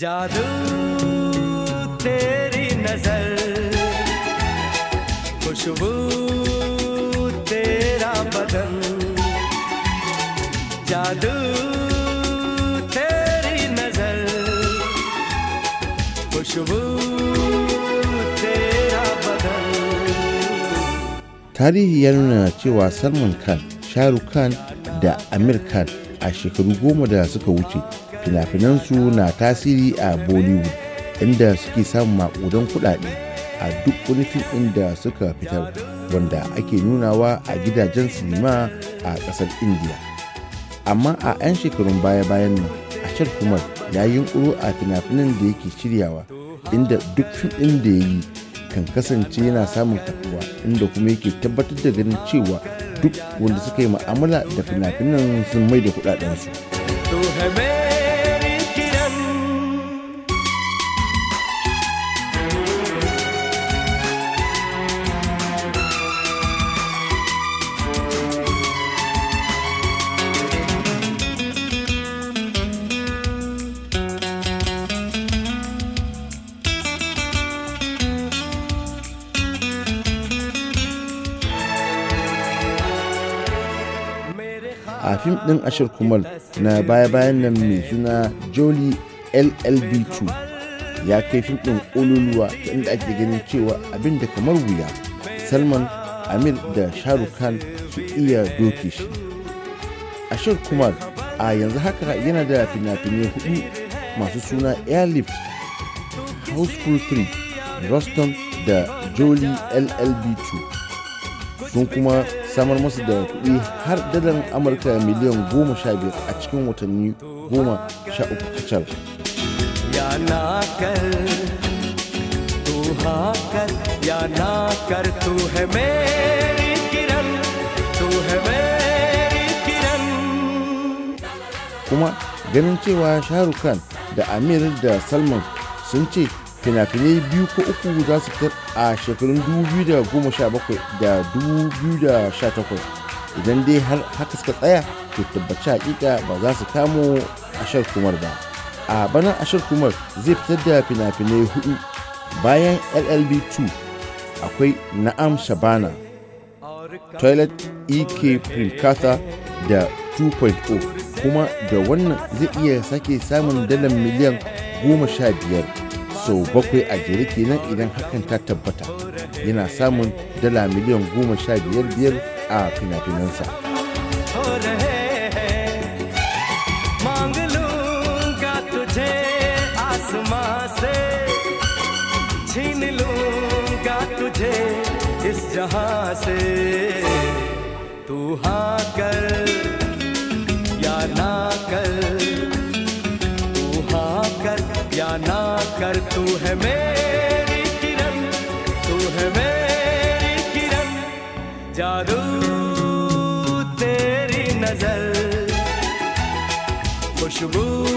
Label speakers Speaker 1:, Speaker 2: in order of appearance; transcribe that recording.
Speaker 1: जादू तेरी नजर खुशबू तेरा बदन जादू तेरी
Speaker 2: tarihi ya nuna cewa salman khan shahrukh khan da amir khan a shekaru goma da suka wuce fina-finansu na tasiri a bollywood inda suke samun makudan kudade a duk wani fim inda suka fitar wanda ake nunawa a gidajen sinima a kasar india amma a 'yan shekarun baya-bayan nan ashar kumar ya yi a fina-finan da yake shiryawa inda duk fim da ya yi kan kasance yana samun karbuwa inda kuma yake tabbatar da ganin cewa duk wanda suka yi ma'amala da fina-finan sun mai da kudadensu. a fim ɗin ashir kumal na baya-bayan nan mai suna joli llb2 ya kai fim ɗin ololuwa ta inda ake ganin cewa abin da kamar wuya salman amir da shahrukh khan su iya doke shi ashir kumal a yanzu haka yana da fina-finai hudu masu suna airlift houseful 3 ruston da joli llb2 sun kuma samar musu da kuɗi har dalar amurka miliyan goma sha biyar a cikin watanni goma sha uku kacal kuma ganin cewa shahrukh khan da amir da salman sun ce fina-finai biyu ko uku za su fitar a shekarun 2017 da 2018 idan dai har haka suka tsaya to tabbaci hakika ba za su kamo ashar kumar ba a bana ashar kumar zai fitar da fina-finai hudu bayan llb 2 akwai na'am shabana toilet ek prinkata da 2.0 kuma da wannan zai iya sake samun dalar miliyan 15 sau bakwai a jere kenan idan hakan ta tabbata yana samun dala miliyan goma sha biyar biyar a fina-finansa
Speaker 1: तू कर या ना कर तू कर या ना कर तू है मेरी किरण तू है मेरी किरण जादू तेरी नजर खुशबू